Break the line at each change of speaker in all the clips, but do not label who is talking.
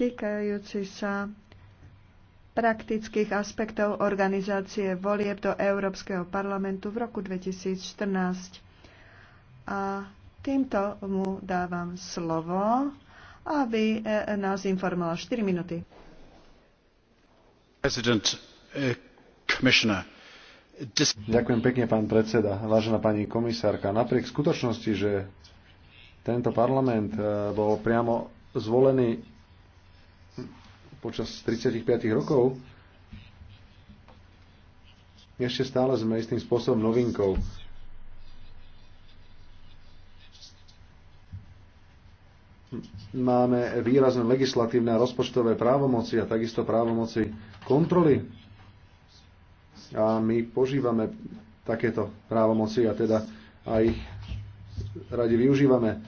týkajúci sa praktických aspektov organizácie volieb do Európskeho parlamentu v roku 2014. A týmto mu dávam slovo, aby e, nás informoval 4 minúty.
E, Ďakujem pekne, pán predseda. Vážená pani komisárka, napriek skutočnosti, že tento parlament e, bol priamo zvolený počas 35 rokov, ešte stále sme istým spôsobom novinkou. Máme výrazné legislatívne a rozpočtové právomoci a takisto právomoci kontroly. A my požívame takéto právomoci a teda aj ich radi využívame.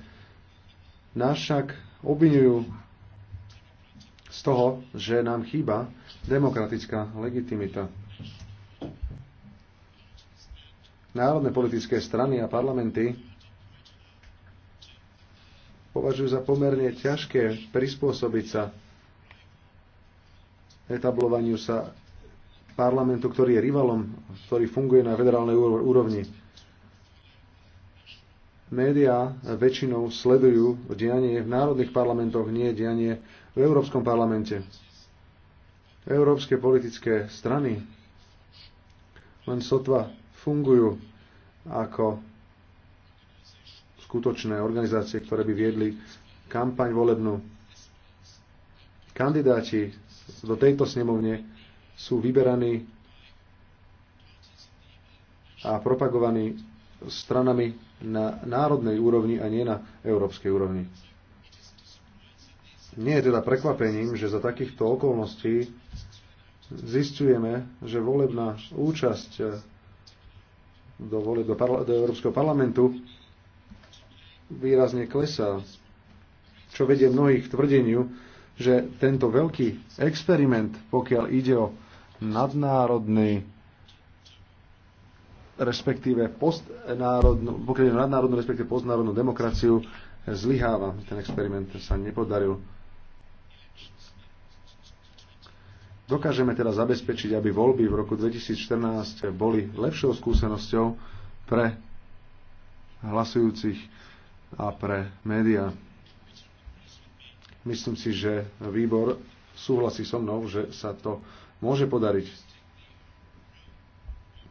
Nás však obvinujú z toho, že nám chýba demokratická legitimita. Národné politické strany a parlamenty považujú za pomerne ťažké prispôsobiť sa etablovaniu sa parlamentu, ktorý je rivalom, ktorý funguje na federálnej úrovni. Média väčšinou sledujú dianie v národných parlamentoch, nie dianie v Európskom parlamente. Európske politické strany len sotva fungujú ako skutočné organizácie, ktoré by viedli kampaň volebnú. Kandidáti do tejto snemovne sú vyberaní a propagovaní stranami na národnej úrovni a nie na európskej úrovni. Nie je teda prekvapením, že za takýchto okolností zistujeme, že volebná účasť do, volieb do, parla- do Európskeho parlamentu výrazne klesá, čo vedie mnohých k tvrdeniu, že tento veľký experiment, pokiaľ ide o nadnárodný respektíve postnárodnú, pokiaľ nadnárodnú, respektíve postnárodnú demokraciu, zlyháva. Ten experiment sa nepodaril. Dokážeme teda zabezpečiť, aby voľby v roku 2014 boli lepšou skúsenosťou pre hlasujúcich a pre médiá. Myslím si, že výbor súhlasí so mnou, že sa to môže podariť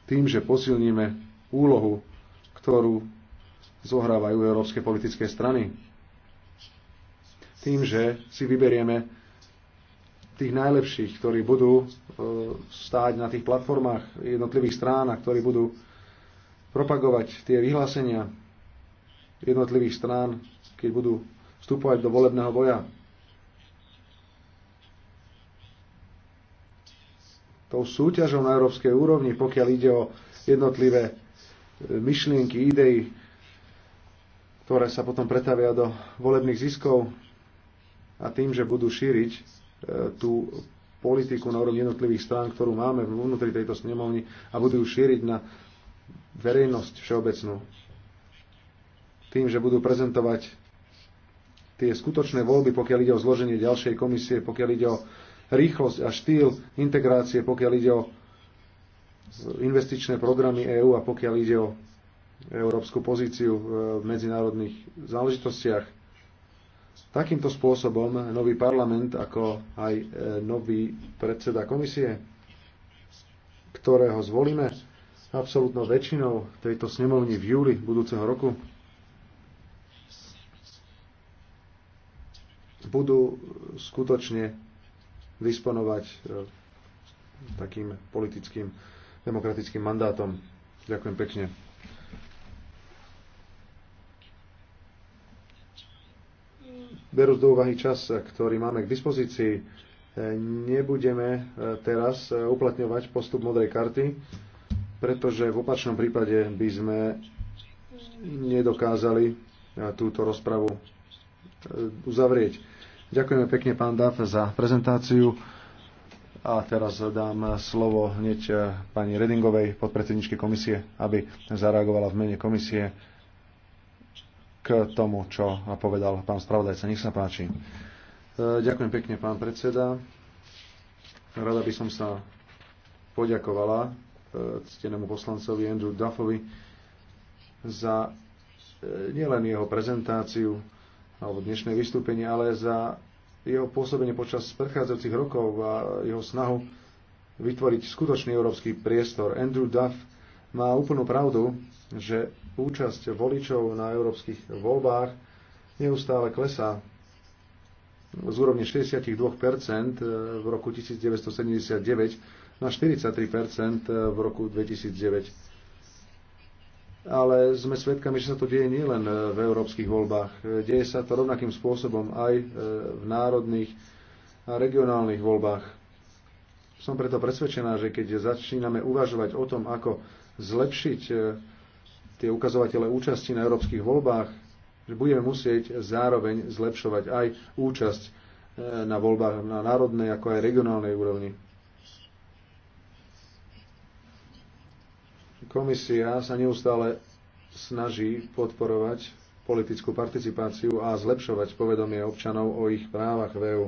tým, že posilníme úlohu, ktorú zohrávajú európske politické strany. Tým, že si vyberieme tých najlepších, ktorí budú e, stáť na tých platformách jednotlivých strán a ktorí budú propagovať tie vyhlásenia jednotlivých strán, keď budú vstupovať do volebného boja. Tou súťažou na európskej úrovni, pokiaľ ide o jednotlivé e, myšlienky, idei, ktoré sa potom pretavia do volebných ziskov a tým, že budú šíriť tú politiku na úrovni jednotlivých strán, ktorú máme vnútri tejto snemovni a budú ju šíriť na verejnosť všeobecnú. Tým, že budú prezentovať tie skutočné voľby, pokiaľ ide o zloženie ďalšej komisie, pokiaľ ide o rýchlosť a štýl integrácie, pokiaľ ide o investičné programy EÚ a pokiaľ ide o európsku pozíciu e, v medzinárodných záležitostiach Takýmto spôsobom nový parlament, ako aj e, nový predseda komisie, ktorého zvolíme absolútnou väčšinou tejto snemovni v júli budúceho roku, budú skutočne disponovať e, takým politickým demokratickým mandátom. Ďakujem pekne. berúc do úvahy čas, ktorý máme k dispozícii, nebudeme eh, teraz eh, uplatňovať postup modrej karty, pretože v opačnom prípade by sme nedokázali eh, túto rozpravu uzavrieť. Ďakujeme pekne, pán Dav, za prezentáciu. A teraz dám slovo hneď pani Redingovej, podpredsedničke komisie, aby zareagovala v mene komisie k tomu, čo povedal pán spravodajca. Nech sa páči. E, ďakujem pekne, pán predseda. Rada by som sa poďakovala e, ctenému poslancovi Andrew Duffovi za e, nielen jeho prezentáciu alebo dnešné vystúpenie, ale za jeho pôsobenie počas predchádzajúcich rokov a jeho snahu vytvoriť skutočný európsky priestor. Andrew Duff má úplnú pravdu, že účasť voličov na európskych voľbách neustále klesá z úrovne 62% e, v roku 1979 na 43% e, v roku 2009. Ale sme svedkami, že sa to deje nielen e, v európskych voľbách. Deje sa to rovnakým spôsobom aj v národných a regionálnych voľbách. Som preto presvedčená, že keď začíname uvažovať o tom, ako zlepšiť tie ukazovatele účasti na európskych voľbách, že budeme musieť zároveň zlepšovať aj účasť e, na voľbách na národnej ako aj regionálnej úrovni. Komisia sa neustále snaží podporovať politickú participáciu a zlepšovať povedomie občanov o ich právach v EU.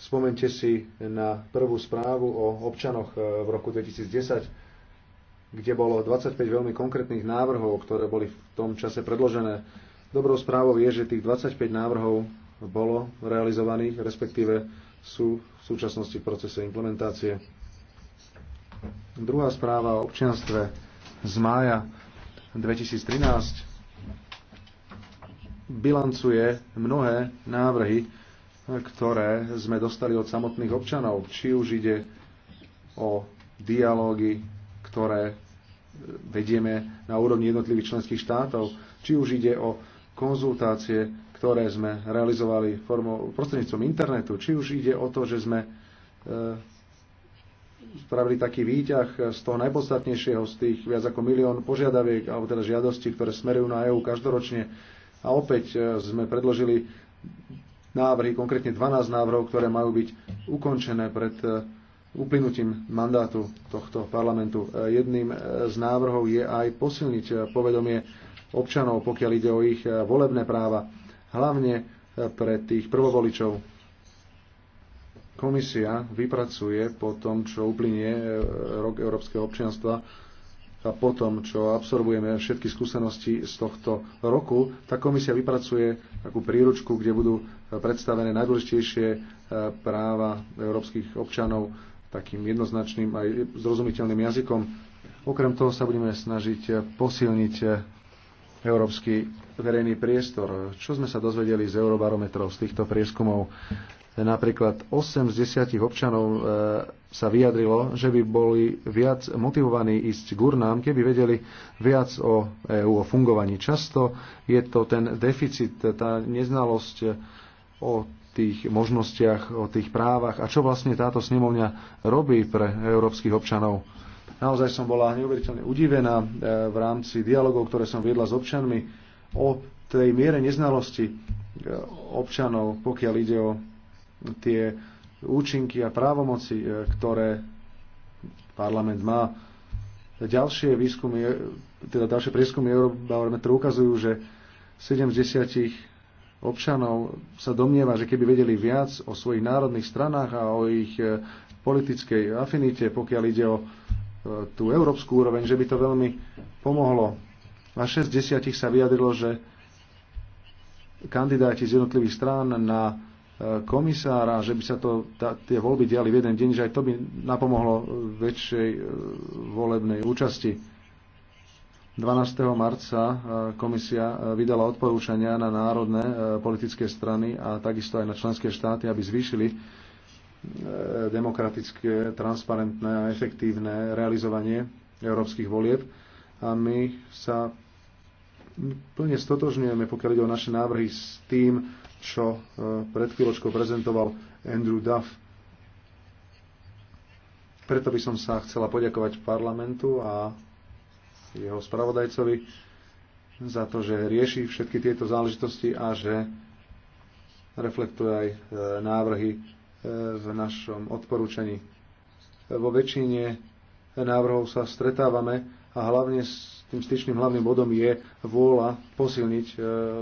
Spomente si na prvú správu o občanoch e, v roku 2010, kde bolo 25 veľmi konkrétnych návrhov, ktoré boli v tom čase predložené. Dobrou správou je, že tých 25 návrhov bolo realizovaných, respektíve sú v súčasnosti v procese implementácie. Druhá správa o občianstve z mája 2013 bilancuje mnohé návrhy, ktoré sme dostali od samotných občanov. Či už ide o dialógy ktoré vedieme na úrovni jednotlivých členských štátov, či už ide o konzultácie, ktoré sme realizovali formou, prostredníctvom internetu, či už ide o to, že sme e, spravili taký výťah z toho najpodstatnejšieho, z tých viac ako milión požiadaviek, alebo teda žiadostí, ktoré smerujú na EÚ každoročne. A opäť e, sme predložili návrhy, konkrétne 12 návrhov, ktoré majú byť ukončené pred e, uplynutím mandátu tohto parlamentu. E, jedným e, z návrhov je aj posilniť e, povedomie občanov, pokiaľ ide o ich volebné práva, hlavne pre tých prvovoličov komisia vypracuje po tom, čo uplynie rok európskeho občianstva a po tom, čo absorbujeme všetky skúsenosti z tohto roku, tá komisia vypracuje takú príručku, kde budú predstavené najdôležitejšie práva európskych občanov takým jednoznačným aj zrozumiteľným jazykom. Okrem toho sa budeme snažiť posilniť európsky verejný priestor. Čo sme sa dozvedeli z eurobarometrov, z týchto prieskumov? Napríklad 8 z 10 občanov e, sa vyjadrilo, že by boli viac motivovaní ísť k urnám, keby vedeli viac o EÚ, o fungovaní. Často je to ten deficit, tá neznalosť o tých možnostiach, o tých právach a čo vlastne táto snemovňa robí pre európskych občanov. Naozaj som bola neuveriteľne udivená e, v rámci dialogov, ktoré som viedla s občanmi o tej miere neznalosti e, občanov, pokiaľ ide o tie účinky a právomoci, e, ktoré parlament má. Ďalšie výskumy, teda ďalšie prieskumy Eurobarometru ukazujú, že 70 občanov sa domnieva, že keby vedeli viac o svojich národných stranách a o ich e, politickej afinite, pokiaľ ide o e, tú európsku úroveň, že by to veľmi pomohlo. A 6 desiatich sa vyjadrilo, že kandidáti z jednotlivých strán na e, komisára, že by sa to, tá, tie voľby diali v jeden deň, že aj to by napomohlo väčšej volebnej účasti. 12. marca e, komisia e, vydala odporúčania na národné e, politické strany a takisto aj na členské štáty, aby zvýšili demokratické, transparentné a efektívne realizovanie európskych volieb. A my sa plne stotožňujeme, pokiaľ ide o naše návrhy, s tým, čo pred chvíľočkou prezentoval Andrew Duff. Preto by som sa chcela poďakovať parlamentu a jeho spravodajcovi za to, že rieši všetky tieto záležitosti a že reflektuje aj e, návrhy e, v našom odporúčaní. Vo väčšine návrhov sa stretávame a hlavne s tým styčným hlavným bodom je vôľa posilniť e,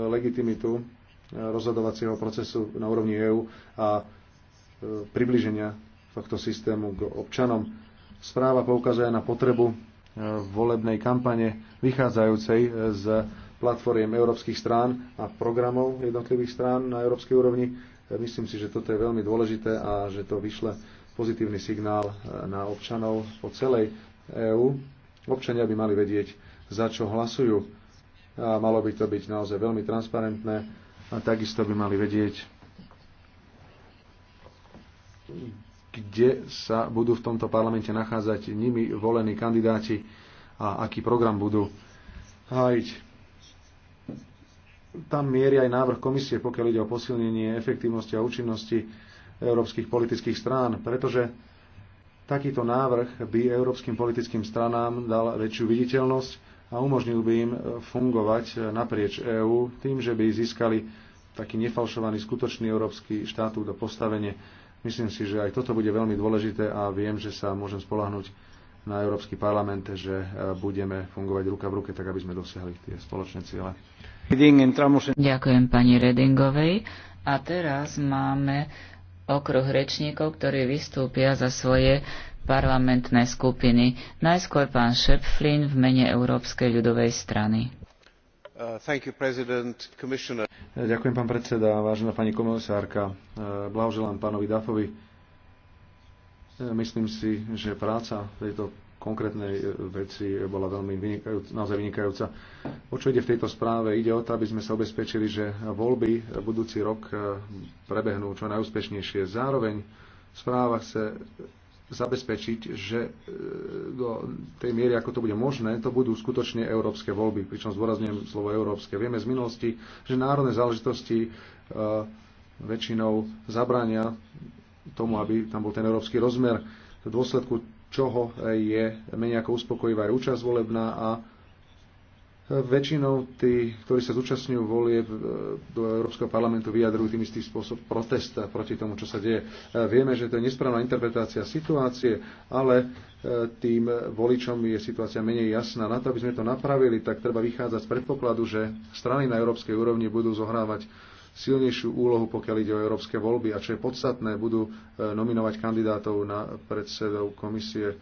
legitimitu rozhodovacieho procesu na úrovni EÚ a približenia tohto systému k občanom. Správa poukazuje na potrebu E, volebnej kampane vychádzajúcej e, z platformiem európskych strán a programov jednotlivých strán na európskej úrovni. E, myslím si, že toto je veľmi dôležité a že to vyšle pozitívny signál na občanov po celej EÚ. Občania by mali vedieť, za čo hlasujú a malo by to byť naozaj veľmi transparentné a takisto by mali vedieť, kde sa budú v tomto parlamente nachádzať nimi volení kandidáti a aký program budú hájiť. Tam mierí aj návrh komisie, pokiaľ ide o posilnenie efektívnosti a účinnosti európskych politických strán, pretože takýto návrh by európskym politickým stranám dal väčšiu viditeľnosť a umožnil by im fungovať naprieč EÚ tým, že by získali taký nefalšovaný skutočný európsky štátu do postavenie Myslím si, že aj toto bude veľmi dôležité a viem, že sa môžem spolahnuť na Európsky parlament, že e, budeme fungovať ruka v ruke, tak aby sme dosiahli tie spoločné ciele.
Ďakujem pani Redingovej. A teraz máme okruh rečníkov, ktorí vystúpia za svoje parlamentné skupiny. Najskôr pán Šepflin v mene Európskej ľudovej strany.
Uh, uh, ďakujem, pán predseda, vážená pani komisárka. Uh, blahoželám pánovi Dafovi. Myslím si, že práca tejto konkrétnej veci bola veľmi vynikajúca, naozaj vynikajúca. O čo ide v tejto správe? Ide o to, aby sme sa ubezpečili, že voľby budúci rok prebehnú čo najúspešnejšie. Zároveň správa chce zabezpečiť, že e, do tej miery, ako to bude možné, to budú skutočne európske voľby, pričom zdôrazňujem slovo európske. Vieme z minulosti, že národné záležitosti e, väčšinou zabrania tomu, aby tam bol ten európsky rozmer, v dôsledku čoho je menej ako uspokojivá aj účasť volebná a Väčšinou tí, ktorí sa zúčastňujú volie e, do Európskeho parlamentu, vyjadrujú tým istý spôsob protesta proti tomu, čo sa deje. E, vieme, že to je nesprávna interpretácia situácie, ale e, tým voličom je situácia menej jasná. Na to, aby sme to napravili, tak treba vychádzať z predpokladu, že strany na európskej úrovni budú zohrávať silnejšiu úlohu, pokiaľ ide o európske voľby a čo je podstatné, budú nominovať kandidátov na predsedov komisie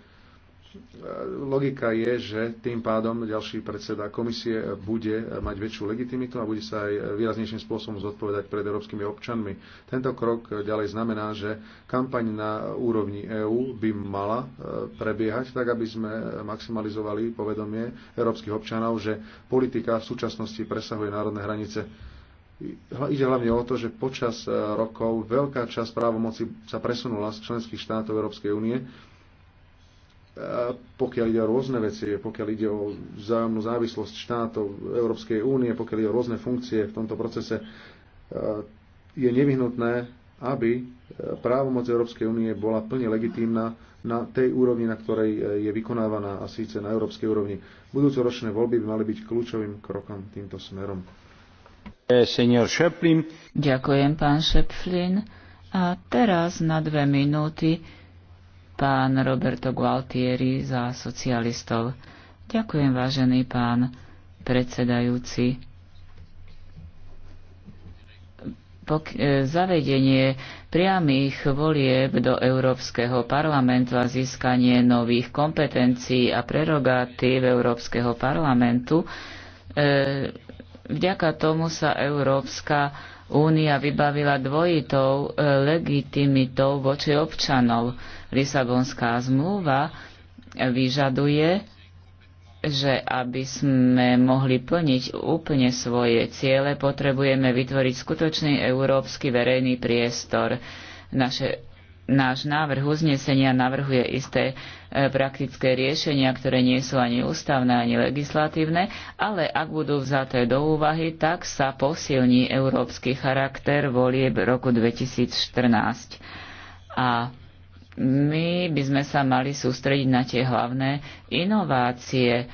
logika je, že tým pádom ďalší predseda komisie bude mať väčšiu legitimitu a bude sa aj výraznejším spôsobom zodpovedať pred európskymi občanmi. Tento krok ďalej znamená, že kampaň na úrovni EÚ by mala e, prebiehať tak, aby sme maximalizovali povedomie európskych občanov, že politika v súčasnosti presahuje národné hranice. Ide hlavne o to, že počas e, rokov veľká časť právomoci sa presunula z členských štátov Európskej únie pokiaľ ide o rôzne veci, pokiaľ ide o vzájomnú závislosť štátov Európskej únie, pokiaľ ide o rôzne funkcie v tomto procese, je nevyhnutné, aby e, právomoc Európskej únie bola plne legitímna na tej úrovni, na ktorej e, je vykonávaná a síce na európskej úrovni. Budúcoročné voľby by mali byť kľúčovým krokom týmto smerom. E,
Ďakujem, pán Šepflin. A teraz na dve minúty pán Roberto Gualtieri za socialistov. Ďakujem, vážený pán predsedajúci. E, zavedenie priamých volieb do Európskeho parlamentu a získanie nových kompetencií a prerogatív Európskeho parlamentu. E, vďaka tomu sa Európska Únia vybavila dvojitou e, legitimitou voči občanov. Lisabonská zmluva vyžaduje, že aby sme mohli plniť úplne svoje ciele, potrebujeme vytvoriť skutočný európsky verejný priestor. Naše náš návrh uznesenia navrhuje isté e, praktické riešenia, ktoré nie sú ani ústavné, ani legislatívne, ale ak budú vzaté do úvahy, tak sa posilní európsky charakter volieb roku 2014. A my by sme sa mali sústrediť na tie hlavné inovácie.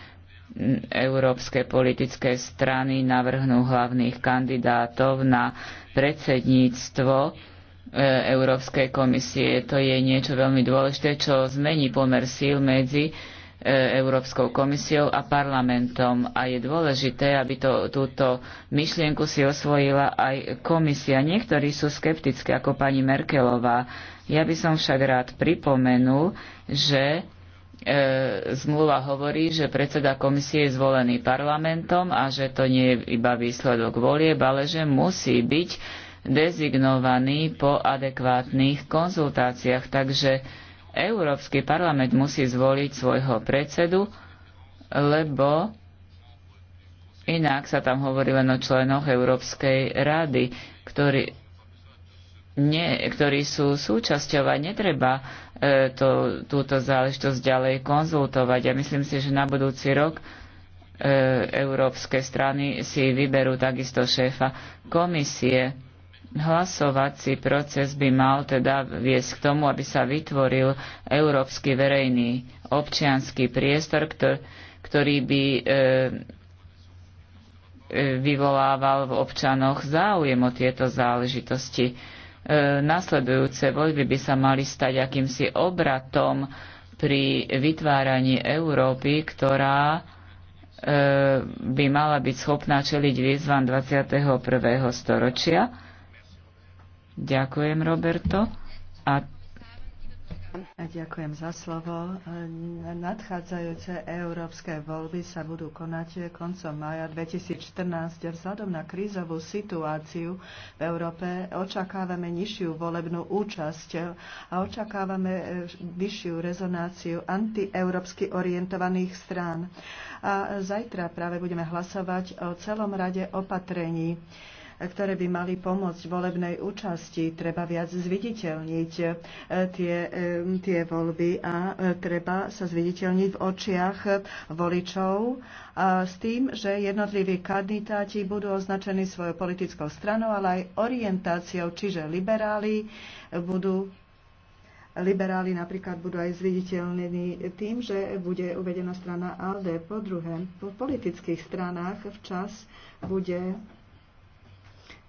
Európske politické strany navrhnú hlavných kandidátov na predsedníctvo E, Európskej komisie. To je niečo veľmi dôležité, čo zmení pomer síl medzi e, Európskou komisiou a parlamentom. A je dôležité, aby to, túto myšlienku si osvojila aj komisia. Niektorí sú skeptickí, ako pani Merkelová. Ja by som však rád pripomenul, že e, zmluva hovorí, že predseda komisie je zvolený parlamentom a že to nie je iba výsledok volieb, ale že musí byť dezignovaný po adekvátnych konzultáciách. Takže Európsky parlament musí zvoliť svojho predsedu, lebo inak sa tam hovorí len o členoch Európskej rady, ktorí, nie, ktorí sú súčasťou a netreba e, to, túto záležitosť ďalej konzultovať. Ja myslím si, že na budúci rok e, európske strany si vyberú takisto šéfa komisie. Hlasovací proces by mal teda viesť k tomu, aby sa vytvoril európsky verejný občianský priestor, ktorý by e, e, vyvolával v občanoch záujem o tieto záležitosti. E, nasledujúce voľby by sa mali stať akýmsi obratom pri vytváraní Európy, ktorá by mala byť schopná čeliť výzvam 21. storočia Ďakujem, Roberto. A
Ďakujem za slovo. Nadchádzajúce európske voľby sa budú konať koncom maja 2014. Vzhľadom na krízovú situáciu v Európe očakávame nižšiu volebnú účasť a očakávame eh, vyššiu rezonáciu antieurópsky orientovaných strán. A zajtra práve budeme hlasovať o celom rade opatrení ktoré by mali pomôcť volebnej účasti. Treba viac zviditeľniť e, tie, e, tie voľby a e, treba sa zviditeľniť v očiach voličov a s tým, že jednotliví kandidáti budú označení svojou politickou stranou, ale aj orientáciou, čiže liberáli budú liberáli napríklad budú aj zviditeľnení tým, že bude uvedená strana ALDE. Po druhé, po politických stranách včas bude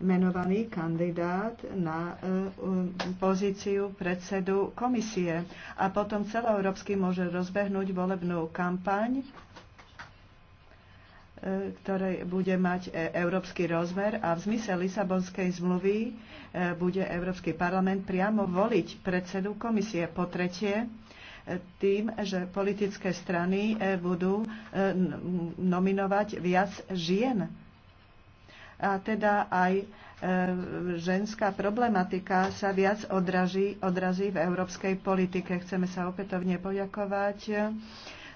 menovaný kandidát na e, pozíciu predsedu komisie a potom celoeurópsky môže rozbehnúť volebnú kampaň e, ktorá bude mať e, európsky rozmer a v zmysle Lisabonskej zmluvy bude Európsky parlament priamo voliť predsedu komisie. Po tretie, tým, že politické strany budú nominovať viac žien a teda aj e, ženská problematika sa viac odraží, odrazí v európskej politike. Chceme sa opätovne poďakovať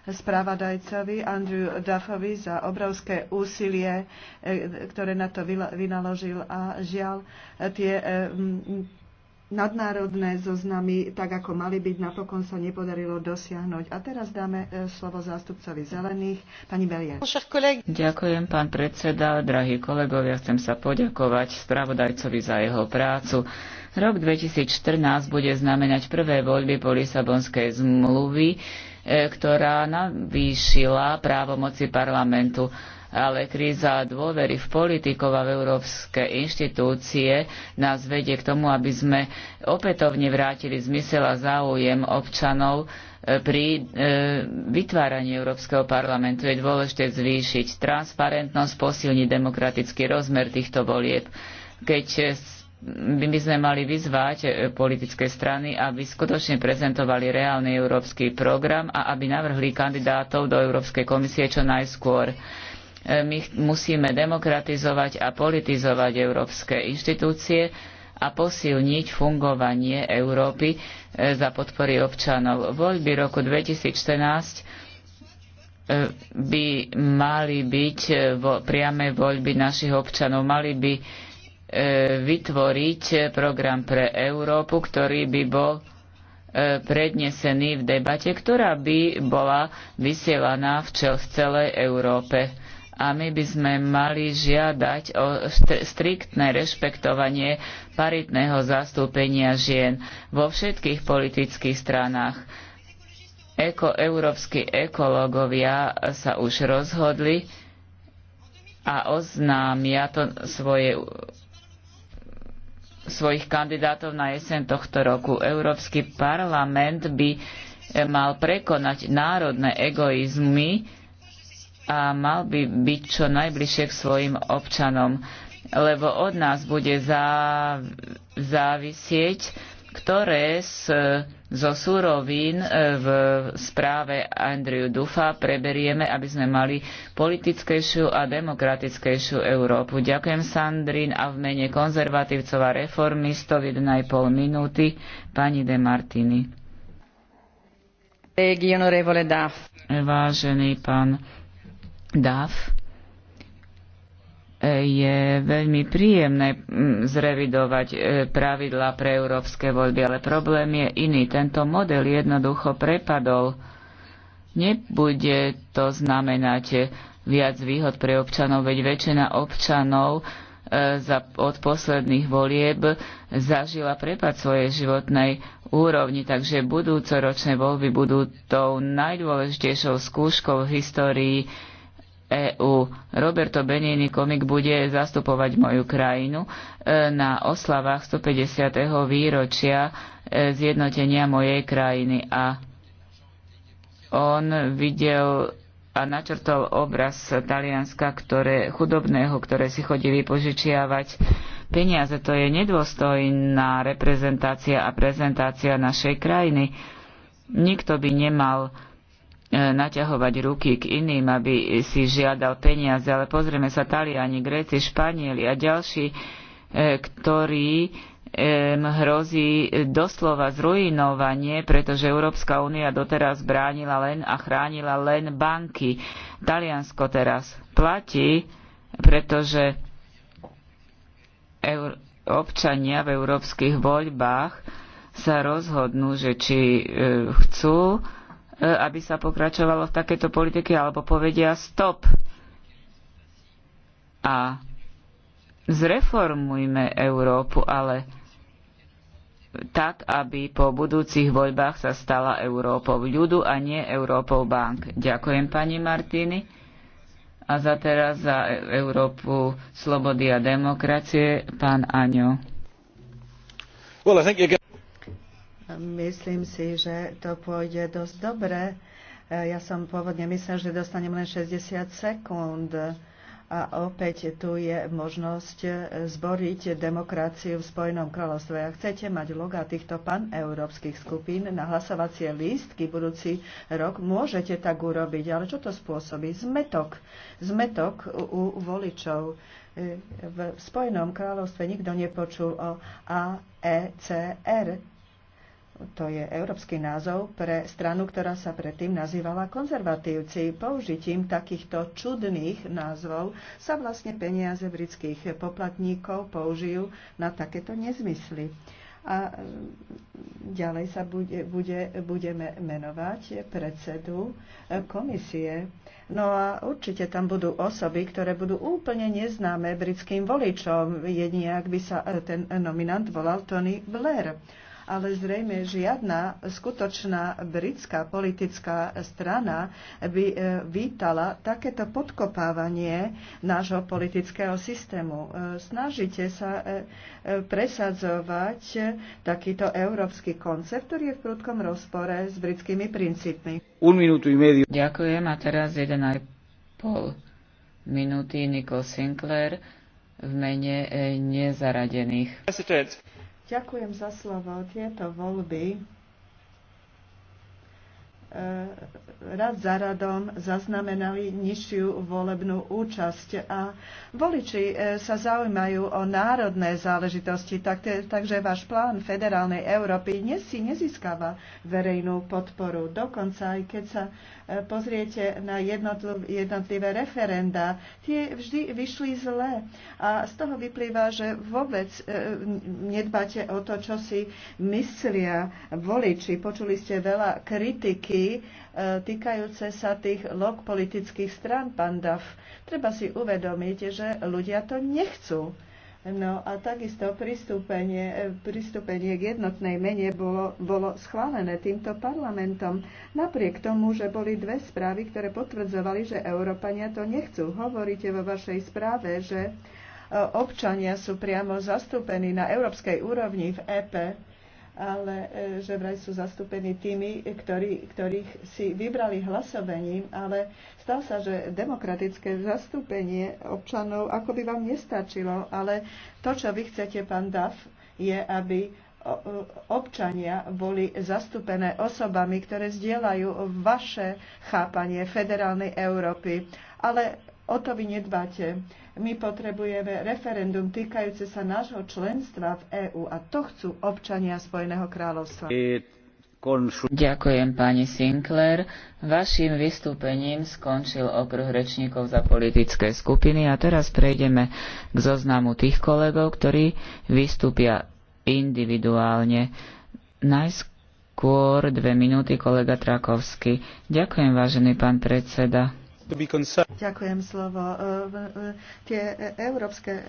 správadajcovi Andrew Duffovi za obrovské úsilie, e, ktoré na to vynaložil a žiaľ tie e, nadnárodné zoznamy, tak ako mali byť, napokon sa nepodarilo dosiahnuť. A teraz dáme e, slovo zástupcovi zelených, pani Belie.
Ďakujem, pán predseda, drahí kolegovia, chcem sa poďakovať spravodajcovi za jeho prácu. Rok 2014 bude znamenať prvé voľby po Lisabonskej zmluvy, e, ktorá navýšila právomoci parlamentu ale kríza dôvery v politikov a v európske inštitúcie nás vedie k tomu, aby sme opätovne vrátili zmysel a záujem občanov e, pri e, vytváraní Európskeho parlamentu. Je dôležité zvýšiť transparentnosť, posilniť demokratický rozmer týchto volieb. Keď by sme mali vyzvať e, politické strany, aby skutočne prezentovali reálny európsky program a aby navrhli kandidátov do Európskej komisie čo najskôr my musíme demokratizovať a politizovať európske inštitúcie a posilniť fungovanie Európy e, za podpory občanov. Voľby roku 2014 e, by mali byť e, vo, priame voľby našich občanov. Mali by vytvoriť program pre Európu, ktorý by bol prednesený v debate, ktorá by bola vysielaná v, v celej Európe a my by sme mali žiadať o striktné rešpektovanie paritného zastúpenia žien vo všetkých politických stranách. Eko, európsky ekológovia sa už rozhodli a oznámia to svoje, svojich kandidátov na jeseň tohto roku. Európsky parlament by mal prekonať národné egoizmy, a mal by byť čo najbližšie k svojim občanom, lebo od nás bude zá, závisieť, ktoré z, zo súrovín e, v správe Andrew Dufa preberieme, aby sme mali politickejšiu a demokratickejšiu Európu. Ďakujem Sandrin a v mene konzervatívcov a reformistov 1,5 minúty pani De Martini. Vážený pán DAF e, je veľmi príjemné mm, zrevidovať e, pravidla pre európske voľby, ale problém je iný. Tento model jednoducho prepadol. Nebude to znamenať viac výhod pre občanov, veď väčšina občanov e, za, od posledných volieb zažila prepad svojej životnej úrovni, takže budúcoročné voľby budú tou najdôležitejšou skúškou v histórii EÚ. Roberto Benini komik bude zastupovať moju krajinu e, na oslavách 150. výročia e, zjednotenia mojej krajiny a on videl a načrtol obraz Talianska, ktoré, chudobného, ktoré si chodili požičiavať peniaze. To je nedôstojná reprezentácia a prezentácia našej krajiny. Nikto by nemal E, naťahovať ruky k iným, aby si žiadal peniaze, ale pozrieme sa Taliani, Gréci, Španieli a ďalší, e, ktorí hrozí doslova zruinovanie, pretože Európska únia doteraz bránila len a chránila len banky. Taliansko teraz platí, pretože občania v európskych voľbách sa rozhodnú, že či e, chcú E, aby sa pokračovalo v takejto politike, alebo povedia stop. A zreformujme Európu, ale tak, aby po budúcich voľbách sa stala Európou ľudu a nie Európou bank. Ďakujem pani Martini. A za teraz za Európu slobody a demokracie, pán Aňo.
Well, myslím si, že to pôjde dosť dobre. E, ja som pôvodne myslel, že dostanem len 60 sekúnd. A opäť tu je možnosť e, zboriť demokraciu v Spojenom kráľovstve. Ak chcete mať loga týchto paneurópskych skupín na hlasovacie lístky budúci rok, môžete tak urobiť. Ale čo to spôsobí? Zmetok. Zmetok u, u voličov. E, v Spojenom kráľovstve nikto nepočul o AECR to je európsky názov pre stranu, ktorá sa predtým nazývala konzervatívci. Použitím takýchto čudných názvov sa vlastne peniaze britských poplatníkov použijú na takéto nezmysly. A e, ďalej sa bude, bude, budeme menovať predsedu e, komisie. No a určite tam budú osoby, ktoré budú úplne neznáme britským voličom. Jedine, ak by sa e, ten nominant volal Tony Blair ale zrejme žiadna skutočná britská politická strana by e, vítala takéto podkopávanie nášho politického systému. E, Snažite sa e, presadzovať takýto európsky koncept, ktorý je v prudkom rozpore s britskými princípmi.
Un medio. Ďakujem a teraz jeden aj pol minúty Nicole Sinclair v mene nezaradených.
Ďakujem za slovo. Tieto voľby E, rad za radom zaznamenali nižšiu volebnú účasť a voliči e, sa zaujímajú o národné záležitosti, takže váš plán federálnej Európy dnes si nezískava verejnú podporu. Dokonca aj keď sa e, pozriete na jednotlivé referenda, tie vždy vyšli zle a z toho vyplýva, že vôbec nedbáte o to, čo si myslia voliči. Počuli ste veľa kritiky veci týkajúce sa tých log politických strán, pán Treba si uvedomiť, že ľudia to nechcú. No a takisto pristúpenie, e, pristúpenie k jednotnej mene bolo, bolo schválené týmto parlamentom. Napriek tomu, že boli dve správy, ktoré potvrdzovali, že Európania to nechcú. Hovoríte vo vašej správe, že e, občania sú priamo zastúpení na európskej úrovni v EP ale e, že vraj sú zastúpení tými, ktorí, ktorých si vybrali hlasovaním, ale stal sa, že demokratické zastúpenie občanov ako by vám nestačilo, ale to, čo vy chcete, pán Daf, je, aby občania boli zastúpené osobami, ktoré zdieľajú vaše chápanie federálnej Európy. Ale O to vy nedbáte. My potrebujeme referendum týkajúce sa nášho členstva v EÚ a to chcú občania Spojeného kráľovstva.
E, Ďakujem pani Sinclair. Vašim vystúpením skončil okruh rečníkov za politické skupiny a teraz prejdeme k zoznamu tých kolegov, ktorí vystúpia individuálne. Najskôr dve minúty kolega Trakovsky. Ďakujem, vážený pán predseda.
Ďakujem slovo. E, e, tie európske e,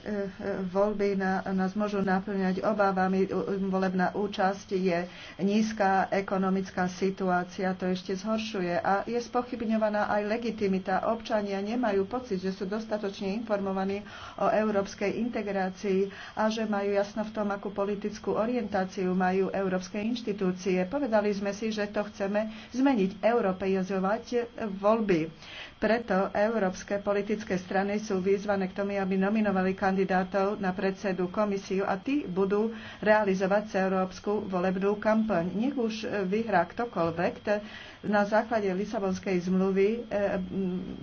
voľby nás môžu naplňať obávami. Volebná účasť je nízka ekonomická situácia, to ešte zhoršuje a je spochybňovaná aj legitimita. Občania nemajú pocit, že sú dostatočne informovaní o európskej integrácii a že majú jasno v tom, akú politickú orientáciu majú európske inštitúcie. Povedali sme si, že to chceme zmeniť, europeizovať voľby. Preto európske politické strany sú vyzvané k tomu, aby nominovali kandidátov na predsedu komisiu a tí budú realizovať európsku volebnú kampaň. Nech už vyhrá ktokoľvek, na základe Lisabonskej zmluvy e,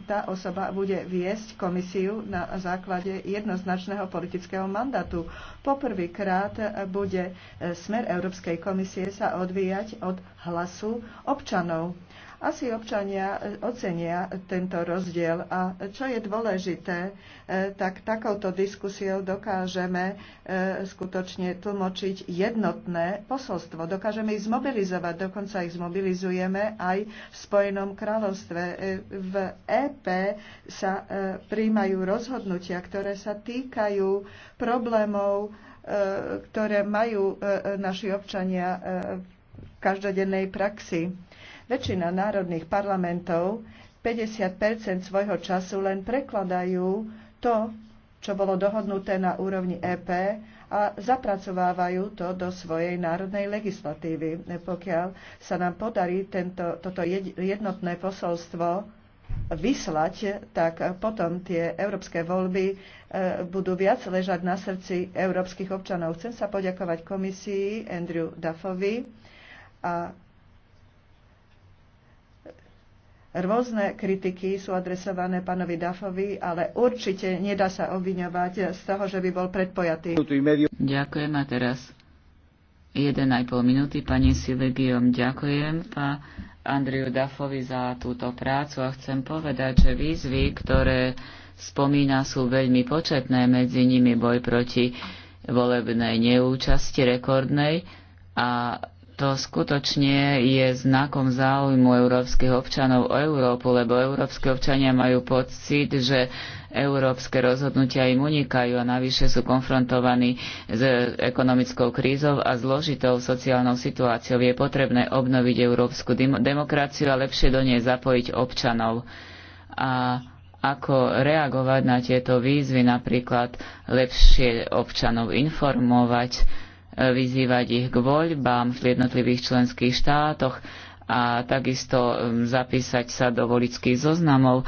tá osoba bude viesť komisiu na základe jednoznačného politického mandátu. Poprvýkrát bude e, smer Európskej komisie sa odvíjať od hlasu občanov. Asi občania eh, ocenia tento rozdiel a čo je dôležité, eh, tak takouto diskusiou dokážeme eh, skutočne tlmočiť jednotné posolstvo. Dokážeme ich zmobilizovať, dokonca ich zmobilizujeme aj v Spojenom kráľovstve. V EP sa príjmajú rozhodnutia, ktoré sa týkajú problémov, ktoré majú naši občania v každodennej praxi. Väčšina národných parlamentov 50 svojho času len prekladajú to, čo bolo dohodnuté na úrovni EP a zapracovávajú to do svojej národnej legislatívy. Pokiaľ sa nám podarí tento, toto jednotné posolstvo vyslať, tak potom tie európske voľby e, budú viac ležať na srdci európskych občanov. Chcem sa poďakovať komisii Andrew Duffovi a Rôzne kritiky sú adresované pánovi Dafovi, ale určite nedá sa obviňovať z toho, že by bol predpojatý.
Ďakujem a teraz 1,5 minúty. Pani Silvegiom ďakujem a Andriu Dafovi za túto prácu a chcem povedať, že výzvy, ktoré spomína, sú veľmi početné, medzi nimi boj proti volebnej neúčasti rekordnej a to skutočne je znakom záujmu európskych občanov o Európu, lebo európske občania majú pocit, že európske rozhodnutia im unikajú a navyše sú konfrontovaní s ekonomickou krízou a zložitou sociálnou situáciou. Je potrebné obnoviť európsku demokraciu a lepšie do nej zapojiť občanov. A ako reagovať na tieto výzvy, napríklad lepšie občanov informovať, vyzývať ich k voľbám v jednotlivých členských štátoch a takisto um, zapísať sa do voličských zoznamov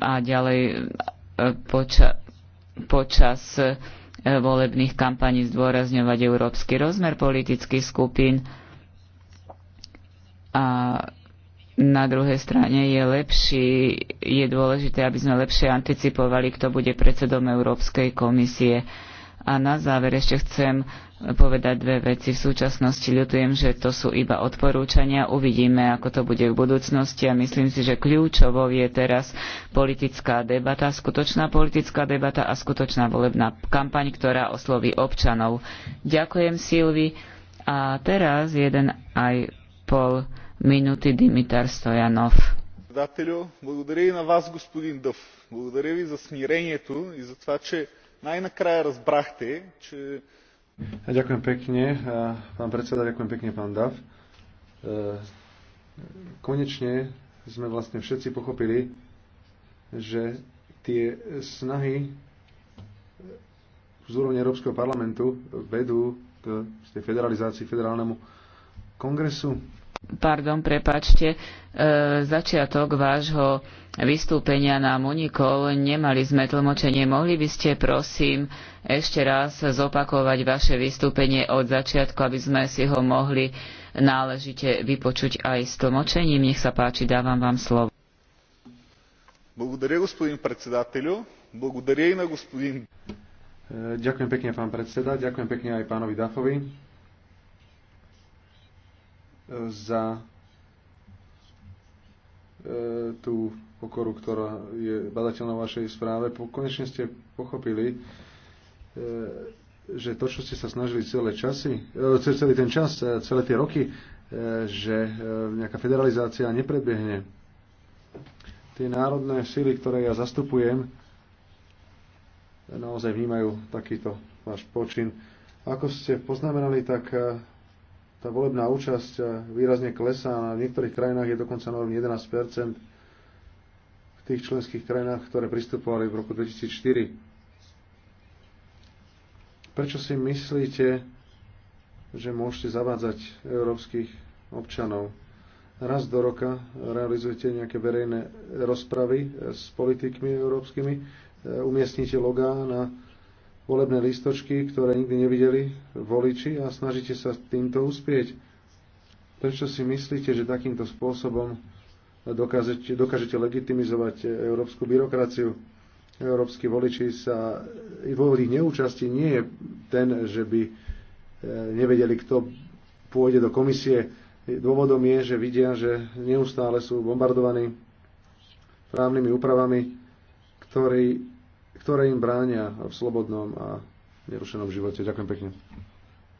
a ďalej uh, poča- počas uh, volebných kampaní zdôrazňovať európsky rozmer politických skupín. A na druhej strane je lepší, je dôležité, aby sme lepšie anticipovali, kto bude predsedom Európskej komisie. A na záver ešte chcem povedať dve veci. V súčasnosti ľutujem, že to sú iba odporúčania. Uvidíme, ako to bude v budúcnosti a myslím si, že kľúčovou je teraz politická debata, skutočná politická debata a skutočná volebná kampaň, ktorá osloví občanov. Ďakujem Silvi. A teraz jeden aj pol minúty Dimitar Stojanov.
Председателю, благодаря и на вас, Благодаря ви за смирението и за това, че najnakraja razbrahte, či... Ďakujem pekne, pán predseda, ďakujem pekne, pán Dav. E, konečne sme vlastne všetci pochopili, že tie snahy z úrovne Európskeho parlamentu vedú k tej federalizácii, federálnemu kongresu
pardon, prepačte, e, začiatok vášho vystúpenia nám unikol, nemali sme tlmočenie. Mohli by ste, prosím, ešte raz zopakovať vaše vystúpenie od začiatku, aby sme si ho mohli náležite vypočuť aj s tlmočením. Nech sa páči, dávam vám slovo.
Благодаря, господин председателю. Благодаря и на господин... Ďakujem pekne, pán predseda. Ďakujem pekne aj pánovi Dafovi za e, tú pokoru, ktorá je badateľná v vašej správe. Konečne ste pochopili, e, že to, čo ste sa snažili celé časy, e, celý ten čas, celé tie roky, že nejaká federalizácia neprebiehne. Tie národné síly, ktoré ja zastupujem, naozaj vnímajú takýto váš počin. Ako ste poznamenali, tak tá volebná účasť eh, výrazne klesá. V niektorých krajinách je dokonca na úrovni 11 v tých členských krajinách, ktoré pristupovali v roku 2004. Prečo si myslíte, že môžete zavádzať európskych občanov? Raz do roka realizujete nejaké verejné rozpravy eh, s politikmi európskymi, eh, umiestnite logá na volebné listočky, ktoré nikdy nevideli voliči a snažíte sa týmto uspieť. Prečo si myslíte, že takýmto spôsobom dokážete, dokážete legitimizovať európsku byrokraciu? Európsky voliči sa vo ich neúčasti nie je ten, že by e, nevedeli, kto pôjde do komisie. Dôvodom je, že vidia, že neustále sú bombardovaní právnymi úpravami, ktorí ktoré im bránia v slobodnom a nerušenom živote. Ďakujem pekne.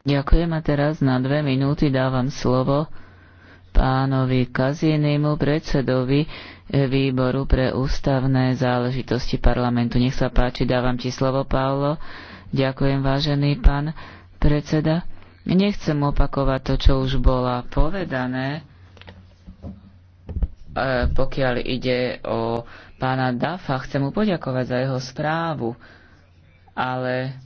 Ďakujem a teraz na dve minúty dávam slovo pánovi Kazinimu, predsedovi eh, výboru pre ústavné záležitosti parlamentu. Nech sa páči, dávam ti slovo, Paolo. Ďakujem, vážený pán predseda. Nechcem opakovať to, čo už bola povedané, eh, pokiaľ ide o pána Dafa. Chcem mu poďakovať za jeho správu, ale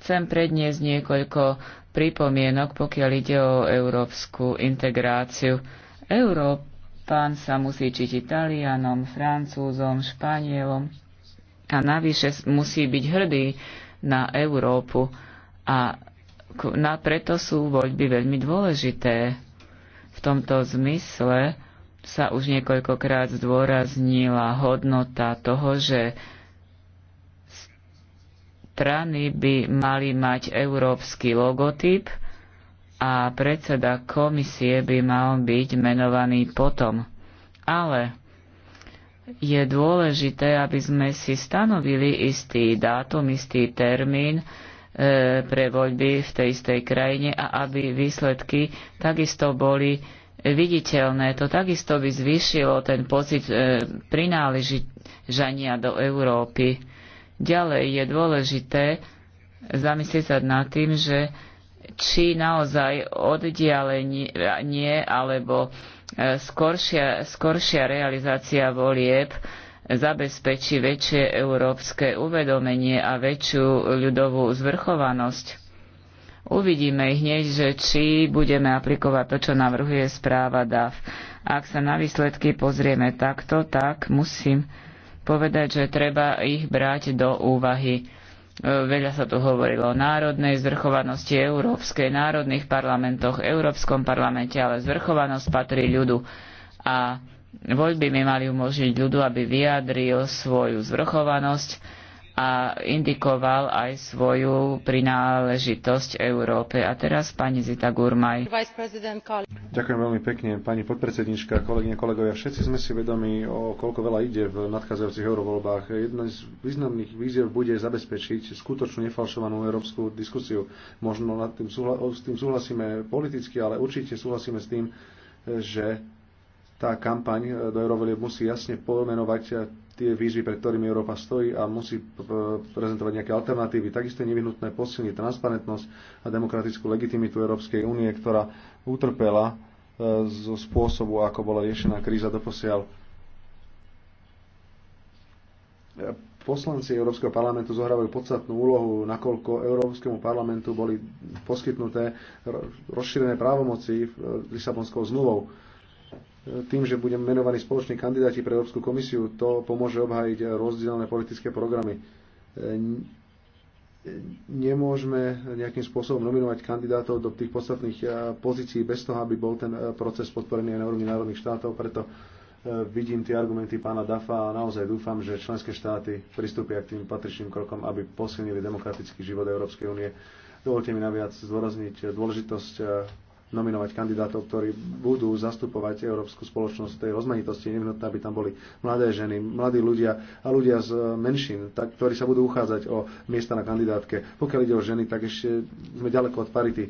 chcem predniesť niekoľko pripomienok, pokiaľ ide o európsku integráciu. Európán sa musí čiť Italianom, Francúzom, Španielom a navyše musí byť hrdý na Európu a na preto sú voľby veľmi dôležité. V tomto zmysle sa už niekoľkokrát zdôraznila hodnota toho, že strany by mali mať európsky logotyp a predseda komisie by mal byť menovaný potom. Ale je dôležité, aby sme si stanovili istý dátum, istý termín e, pre voľby v tej istej krajine a aby výsledky takisto boli viditeľné. To takisto by zvýšilo ten pocit e, prináležania do Európy. Ďalej je dôležité zamyslieť sa nad tým, že či naozaj oddialenie alebo e, skoršia, skoršia realizácia volieb zabezpečí väčšie európske uvedomenie a väčšiu ľudovú zvrchovanosť. Uvidíme hneď, že či budeme aplikovať to, čo navrhuje správa DAF. Ak sa na výsledky pozrieme takto, tak musím povedať, že treba ich brať do úvahy. E, veľa sa tu hovorilo o národnej zvrchovanosti európskej, národných parlamentoch, Európskom parlamente, ale zvrchovanosť patrí ľudu. A voľby by mali umožniť ľudu, aby vyjadril svoju zvrchovanosť a indikoval aj svoju prináležitosť Európe. A teraz pani Zita Gurmaj.
Ďakujem veľmi pekne, pani podpredsedníčka, kolegyne, kolegovia. Všetci sme si vedomi, o koľko veľa ide v nadchádzajúcich eurovoľbách. Jedna z významných víziev bude zabezpečiť skutočnú nefalšovanú európsku diskusiu. Možno nad tým súhla- s tým súhlasíme politicky, ale určite súhlasíme s tým, že tá kampaň do Eurovolieb musí jasne pomenovať tie výzvy, pred ktorými Európa stojí a musí prezentovať nejaké alternatívy. Takisto je nevyhnutné posilniť transparentnosť a demokratickú legitimitu Európskej únie, ktorá utrpela e, zo spôsobu, ako bola riešená kríza doposiaľ. Poslanci Európskeho parlamentu zohrávajú podstatnú úlohu, nakoľko Európskemu parlamentu boli poskytnuté rozšírené právomoci e, Lisabonskou zmluvou tým, že budeme menovaní spoloční kandidáti pre Európsku komisiu, to pomôže obhájiť rozdielne politické programy. Nemôžeme nejakým spôsobom nominovať kandidátov do tých podstatných eh, pozícií bez toho, aby bol ten eh, proces podporený aj na úrovni národných štátov, preto eh, vidím tie argumenty pána Dafa a naozaj dúfam, že členské štáty pristúpia k tým patričným krokom, aby posilnili demokratický život Európskej únie. Dovolte mi naviac zdôrazniť dôležitosť nominovať kandidátov, ktorí budú zastupovať európsku spoločnosť tej rozmanitosti. Je aby tam boli mladé ženy, mladí ľudia a ľudia z e, menšín, tak, ktorí sa budú uchádzať o miesta na kandidátke. Pokiaľ ide o ženy, tak ešte sme ďaleko od parity.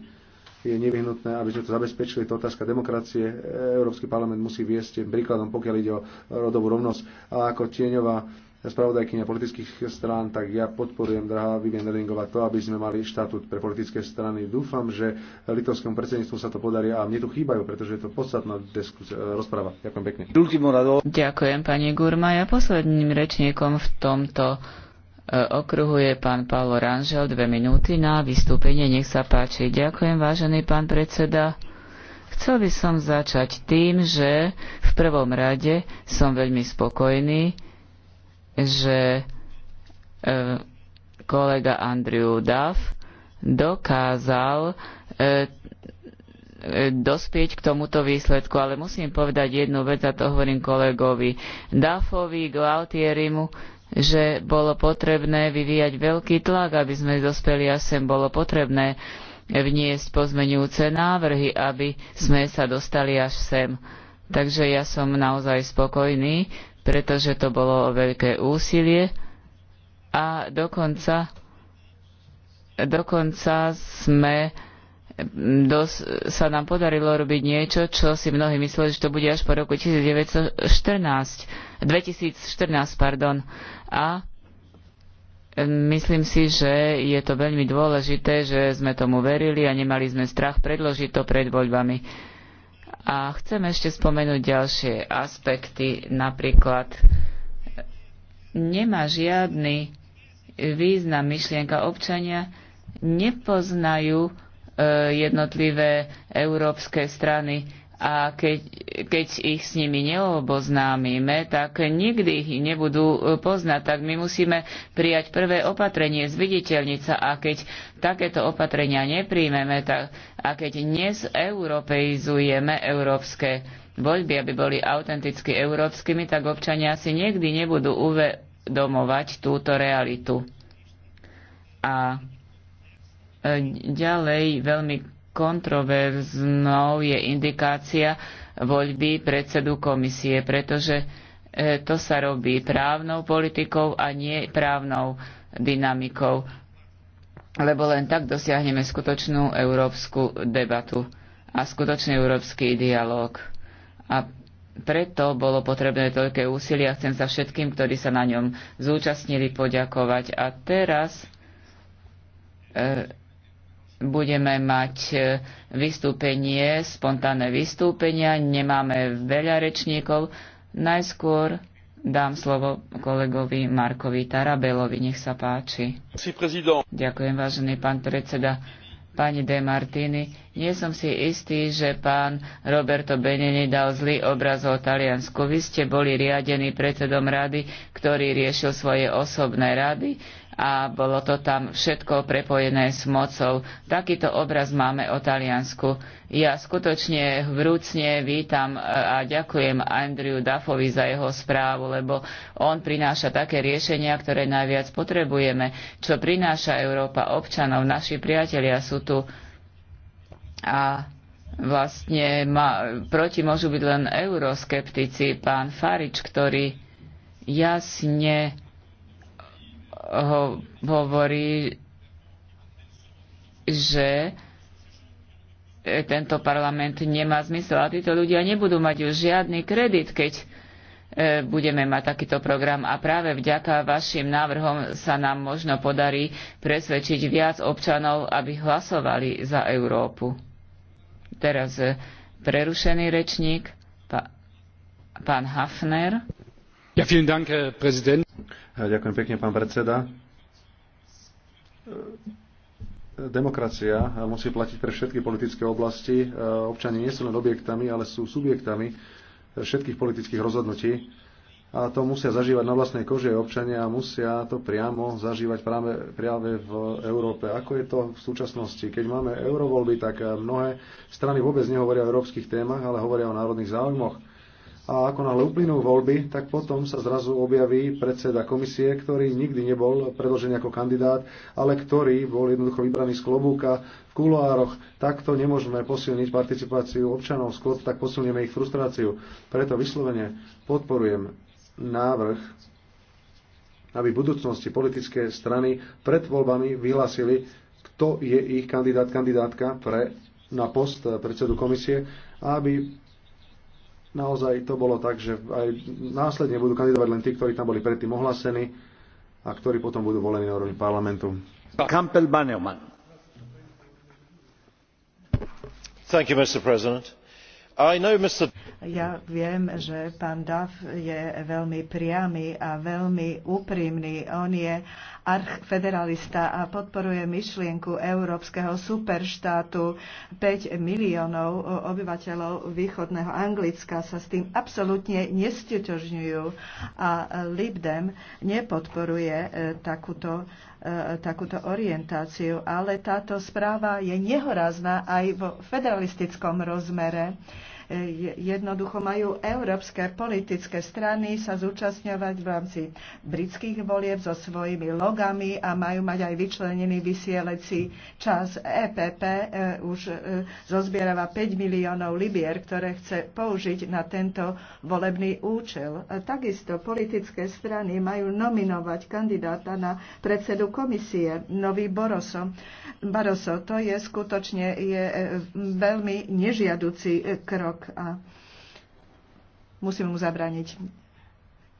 Je nevyhnutné, aby sme to zabezpečili. To otázka demokracie. E, Európsky parlament musí viesť príkladom, pokiaľ ide o rodovú rovnosť. A ako tieňová spravodajkynia politických strán, tak ja podporujem, drahá Vivian Redingová, to, aby sme mali štatút pre politické strany. Dúfam, že litovskému predsedníctvu sa to podarí a mne tu chýbajú, pretože je to podstatná diskusia, rozpráva. Ďakujem pekne.
Ďakujem, pani Gurma. Ja posledným rečníkom v tomto e, okruhu je pán Paolo Ranžel, dve minúty na vystúpenie. Nech sa páči. Ďakujem, vážený pán predseda. Chcel by som začať tým, že v prvom rade som veľmi spokojný, že e, kolega Andrew Duff dokázal e, e, dospieť k tomuto výsledku, ale musím povedať jednu vec, a to hovorím kolegovi Duffovi, Gualtierimu, že bolo potrebné vyvíjať veľký tlak, aby sme dospeli a sem bolo potrebné vniesť pozmenujúce návrhy, aby sme sa dostali až sem. Takže ja som naozaj spokojný pretože to bolo veľké úsilie a dokonca, dokonca sme dos, sa nám podarilo robiť niečo, čo si mnohí mysleli, že to bude až po roku 1914, 2014. Pardon. A myslím si, že je to veľmi dôležité, že sme tomu verili a nemali sme strach predložiť to pred voľbami a chcem ešte spomenúť ďalšie aspekty, napríklad nemá žiadny význam myšlienka občania, nepoznajú e, jednotlivé európske strany a keď, keď ich s nimi neoboznámime, tak nikdy ich nebudú e, poznať. Tak my musíme prijať prvé opatrenie, zviditeľniť sa a keď takéto opatrenia nepríjmeme tak, a keď nezeuropeizujeme európske voľby, aby boli autenticky európskymi, tak občania si nikdy nebudú uvedomovať túto realitu. A e, ďalej veľmi kontroverznou je indikácia voľby predsedu komisie, pretože e, to sa robí právnou politikou a nie právnou dynamikou, lebo len tak dosiahneme skutočnú európsku debatu a skutočný európsky dialog. A preto bolo potrebné toľké úsilie a chcem sa všetkým, ktorí sa na ňom zúčastnili, poďakovať. A teraz e, budeme mať e, vystúpenie, spontánne vystúpenia, nemáme veľa rečníkov. Najskôr dám slovo kolegovi Markovi Tarabelovi, nech sa páči. Ďakujem, vážený pán predseda. Pani De Martini, nie som si istý, že pán Roberto Benini dal zlý obraz o Taliansku. Vy ste boli riadení predsedom rady, ktorý riešil svoje osobné rady a bolo to tam všetko prepojené s mocou. Takýto obraz máme o Taliansku. Ja skutočne vrúcne vítam a ďakujem Andrew Duffovi za jeho správu, lebo on prináša také riešenia, ktoré najviac potrebujeme. Čo prináša Európa občanov, naši priatelia sú tu a vlastne ma, proti môžu byť len euroskeptici, pán Farič, ktorý jasne ho, hovorí, že e, tento parlament nemá zmysel a títo ľudia nebudú mať už žiadny kredit, keď e, budeme mať takýto program a práve vďaka vašim návrhom sa nám možno podarí presvedčiť viac občanov, aby hlasovali za Európu. Teraz e, prerušený rečník, pán Hafner.
Ja, vielen Dank, Herr Präsident. Ďakujem pekne, pán predseda. Demokracia musí platiť pre všetky politické oblasti. Občania nie sú len objektami, ale sú subjektami všetkých politických rozhodnutí. A to musia zažívať na vlastnej koži občania a musia to priamo zažívať práve, práve v Európe. Ako je to v súčasnosti? Keď máme eurovoľby, tak mnohé strany vôbec nehovoria o európskych témach, ale hovoria o národných záujmoch a ako náhle uplynú voľby, tak potom sa zrazu objaví predseda komisie, ktorý nikdy nebol predložený ako kandidát, ale ktorý bol jednoducho vybraný z klobúka v kuloároch. Takto nemôžeme posilniť participáciu občanov, skôr tak posilníme ich frustráciu. Preto vyslovene podporujem návrh, aby v budúcnosti politické strany pred voľbami vyhlásili, kto je ich kandidát, kandidátka pre, na post predsedu komisie, aby Naozaj to bolo tak, že aj následne budú kandidovať len tí, ktorí tam boli predtým ohlásení a ktorí potom budú volení na úrovni parlamentu. Campbell Bannerman. Thank you, Mr. President. I know Mr.
Ja viem, že pán Duff je veľmi priamy a veľmi úprimný. On je archfederalista a podporuje myšlienku európskeho superštátu. 5 miliónov obyvateľov východného Anglicka sa s tým absolútne nestiutožňujú a Libdem nepodporuje e, takúto e, takúto orientáciu, ale táto správa je nehorázna aj v federalistickom rozmere. Jednoducho majú európske politické strany sa zúčastňovať v rámci britských volieb so svojimi logami a majú mať aj vyčlenený vysielací čas. EPP e, už e, zozbierava 5 miliónov libier, ktoré chce použiť na tento volebný účel. Takisto politické strany majú nominovať kandidáta na predsedu komisie, nový Boroso. Baroso, to je skutočne je e, veľmi nežiaducí krok pokrok a musíme mu zabrániť.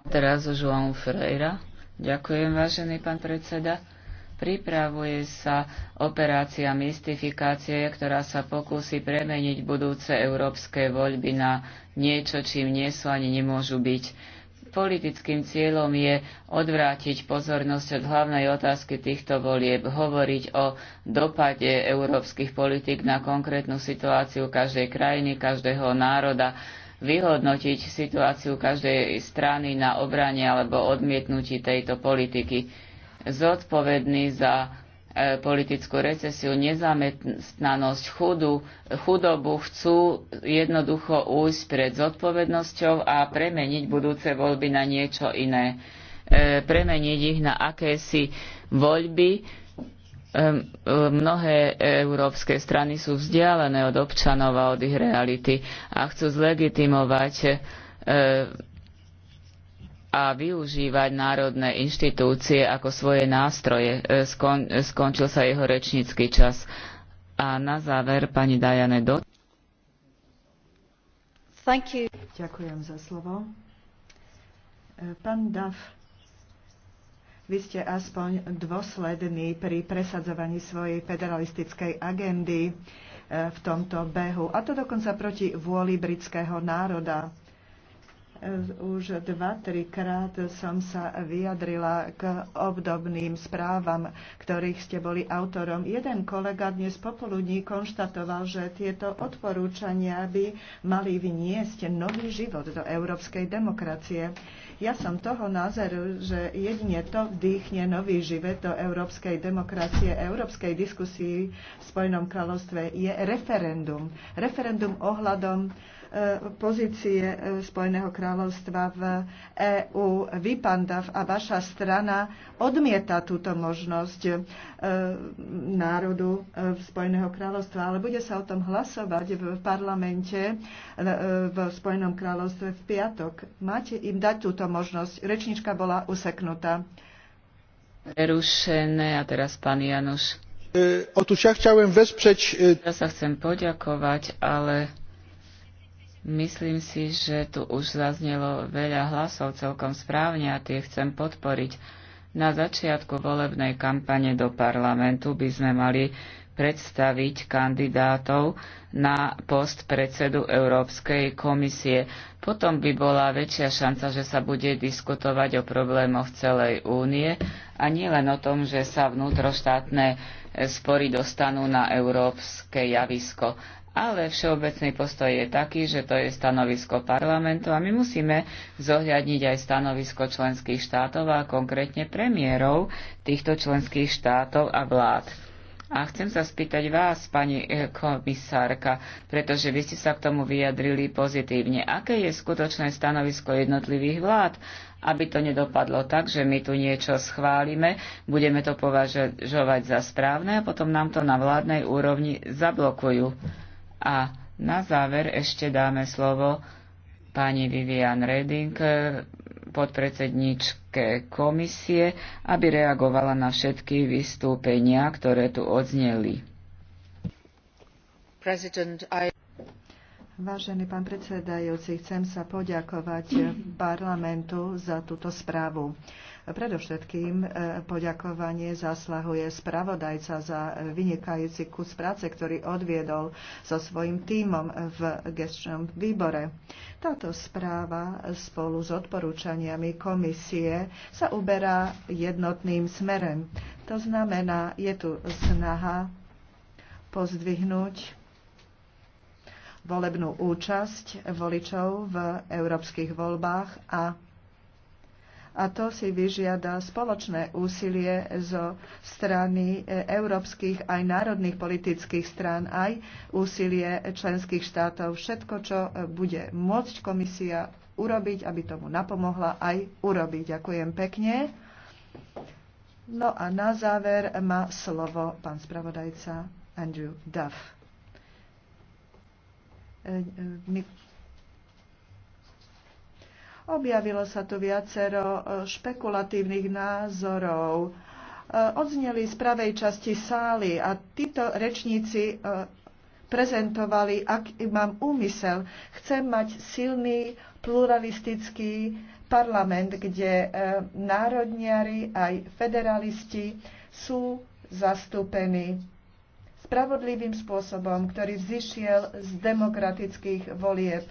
Teraz João Ferreira. Ďakujem, vážený pán predseda. Pripravuje sa operácia mystifikácie, ktorá sa pokúsi premeniť budúce európske voľby na niečo, čím nie sú ani nemôžu byť Politickým cieľom je odvrátiť pozornosť od hlavnej otázky týchto volieb, hovoriť o dopade európskych politik na konkrétnu situáciu každej krajiny, každého národa, vyhodnotiť situáciu každej strany na obrane alebo odmietnutí tejto politiky. Zodpovedný za E, politickú recesiu, nezamestnanosť, chudu, chudobu, chcú jednoducho újsť pred zodpovednosťou a premeniť budúce voľby na niečo iné. E, premeniť ich na akési voľby. E, mnohé európske strany sú vzdialené od občanov a od ich reality a chcú zlegitimovať a využívať národné inštitúcie ako svoje nástroje. E, skon, skončil sa jeho rečnícky čas. A na záver pani Dajane Dot.
Ďakujem za slovo. E, pán Dav, vy ste aspoň dôsledný pri presadzovaní svojej federalistickej agendy e, v tomto behu, a to dokonca proti vôli britského národa. Už dva, trikrát som sa vyjadrila k obdobným správam, ktorých ste boli autorom. Jeden kolega dnes popoludní konštatoval, že tieto odporúčania by mali vyniesť nový život do európskej demokracie. Ja som toho názoru, že jedine to vdýchne nový život do európskej demokracie, európskej diskusii v Spojenom kráľovstve je referendum. Referendum ohľadom pozície e, Spojeného kráľovstva v EÚ. Vy, a vaša strana odmieta túto možnosť e, národu e, Spojeného kráľovstva, ale bude sa o tom hlasovať v parlamente v Spojenom kráľovstve v piatok. Máte im dať túto možnosť. Rečnička bola useknutá.
Prerušené a teraz pán Januš. ja Ja sa chcem poďakovať, ale Myslím si, že tu už zaznelo veľa hlasov celkom správne a tie chcem podporiť. Na začiatku volebnej kampane do parlamentu by sme mali predstaviť kandidátov na post predsedu Európskej komisie. Potom by bola väčšia šanca, že sa bude diskutovať o problémoch celej únie a nielen o tom, že sa vnútroštátne spory dostanú na európske javisko. Ale všeobecný postoj je taký, že to je stanovisko parlamentu a my musíme zohľadniť aj stanovisko členských štátov a konkrétne premiérov týchto členských štátov a vlád. A chcem sa spýtať vás, pani e, komisárka, pretože vy ste sa k tomu vyjadrili pozitívne. Aké je skutočné stanovisko jednotlivých vlád, aby to nedopadlo tak, že my tu niečo schválime, budeme to považovať za správne a potom nám to na vládnej úrovni zablokujú. A na záver ešte dáme slovo pani Vivian Reding, podpredsedničke komisie, aby reagovala na všetky vystúpenia, ktoré tu odzneli.
Vážený pán predsedajúci, chcem sa poďakovať parlamentu za túto správu. Predovšetkým e, poďakovanie zaslahuje spravodajca za vynikajúci kus práce, ktorý odviedol so svojím tímom v gestčnom výbore. Táto správa spolu s odporúčaniami komisie sa uberá jednotným smerem. To znamená, je tu snaha pozdvihnúť volebnú účasť voličov v európskych voľbách a a to si vyžiada spoločné úsilie zo strany e, európskych aj národných politických strán, aj úsilie členských štátov. Všetko, čo e, bude môcť komisia urobiť, aby tomu napomohla, aj urobiť. Ďakujem pekne. No a na záver má slovo pán spravodajca Andrew Duff. E, Objavilo sa tu viacero e, špekulatívnych názorov. E, odzneli z pravej časti sály a títo rečníci e, prezentovali, aký mám úmysel. Chcem mať silný, pluralistický parlament, kde národniari aj federalisti sú zastúpení spravodlivým spôsobom, ktorý vzýšiel z demokratických volieb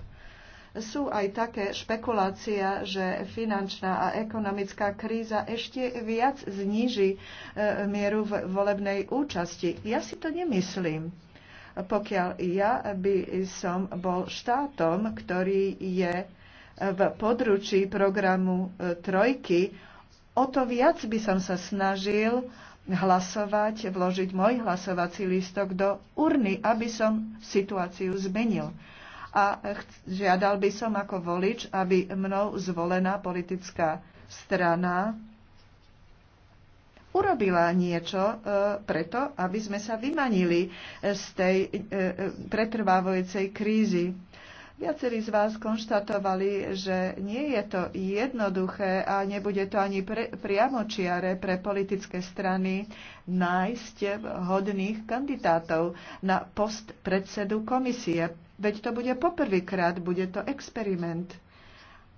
sú aj také špekulácia, že finančná a ekonomická kríza ešte viac zniží e, mieru volebnej účasti. Ja si to nemyslím. Pokiaľ ja by som bol štátom, ktorý je e, v područí programu e, Trojky, o to viac by som sa snažil hlasovať, vložiť môj hlasovací lístok do urny, aby som situáciu zmenil a žiadal by som ako volič, aby mnou zvolená politická strana urobila niečo e, preto, aby sme sa vymanili z tej e, e, pretrvávajúcej krízy. Viacerí z vás konštatovali, že nie je to jednoduché a nebude to ani pre, priamočiare pre politické strany nájsť hodných kandidátov na post predsedu komisie. Veď to bude poprvýkrát, bude to experiment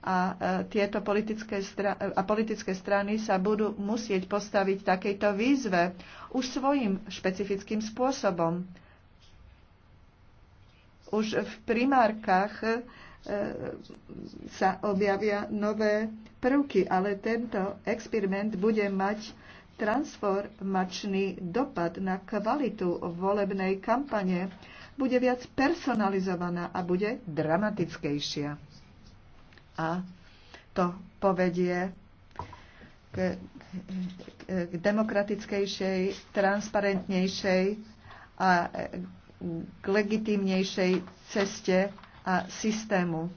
a e, tieto politické, strany, a politické strany sa budú musieť postaviť takejto výzve už svojim špecifickým spôsobom. Už v primárkach e, sa objavia nové prvky, ale tento experiment bude mať transformačný dopad na kvalitu volebnej kampane, bude viac personalizovaná a bude dramatickejšia. A to povedie k, k, k demokratickejšej, transparentnejšej a k legitímnejšej ceste a systému,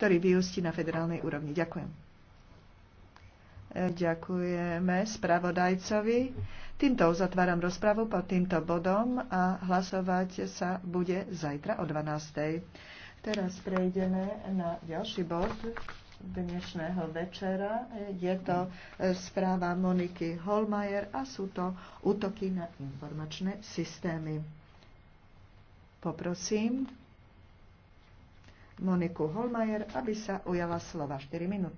ktorý vyústi na federálnej úrovni. Ďakujem. E, ďakujeme spravodajcovi. Týmto uzatváram rozpravu pod týmto bodom a hlasovať sa bude zajtra o 12.00. Teraz prejdeme na ďalší bod dnešného večera. Je to e, správa Moniky Holmajer a sú to útoky na informačné systémy. Poprosím Moniku Holmajer, aby sa ujala slova 4 minúty.